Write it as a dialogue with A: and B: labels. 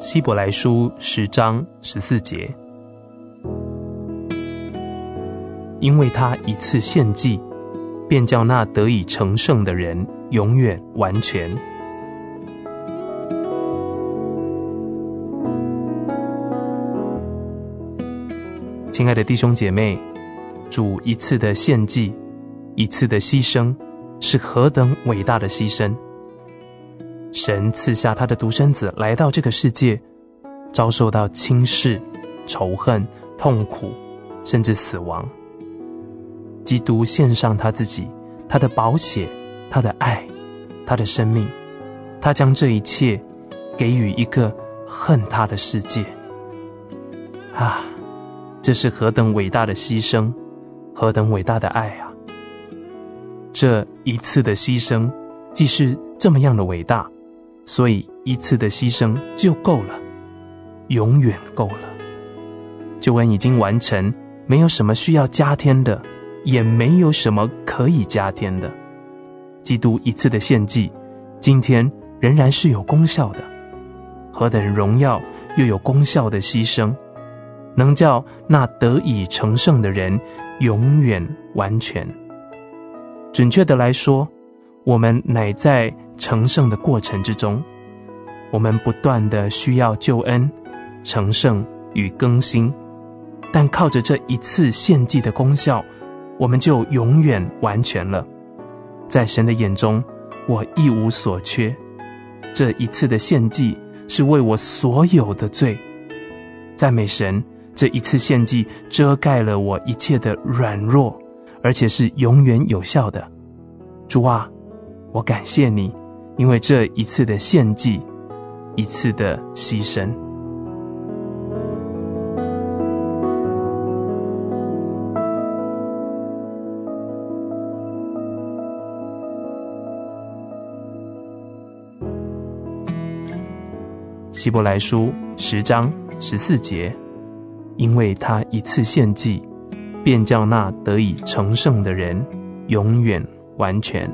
A: 希伯來書十章十四節，因為他一次獻祭，便叫那得以成聖的人永遠完全。親愛的弟兄姐妹，主一次的獻祭，一次的犧牲，是何等偉大的犧牲！神賜下他的獨生子來到這個世界，遭受到輕視、仇恨、痛苦，甚至死亡。基督獻上他自己，他的寶血，他的愛，他的生命，他將這一切給予一個恨他的世界。啊，這是何等偉大的犧牲，何等偉大的愛啊！這一次的犧牲，既是這麼樣的偉大。所以一次的犧牲就夠了，永遠夠了。救恩已經完成，沒有什麼需要加添的，也沒有什麼可以加添的。基督一次的獻祭，今天仍然是有功效的。何等榮耀又有功效的犧牲，能叫那得以成聖的人永遠完全。準確的來說。我們乃在成聖的過程之中，我們不斷地需要救恩、成聖與更新，但靠着這一次獻祭的功效，我們就永遠完全了。在神的眼中，我一無所缺。這一次的獻祭是為我所有的罪，讚美神！這一次獻祭遮蓋了我一切的軟弱，而且是永遠有效的。主啊！我感謝你，因為這一次的獻祭，一次的犧牲。希伯來書十章十四節，因為他一次獻祭，便叫那得以成聖的人永遠完全。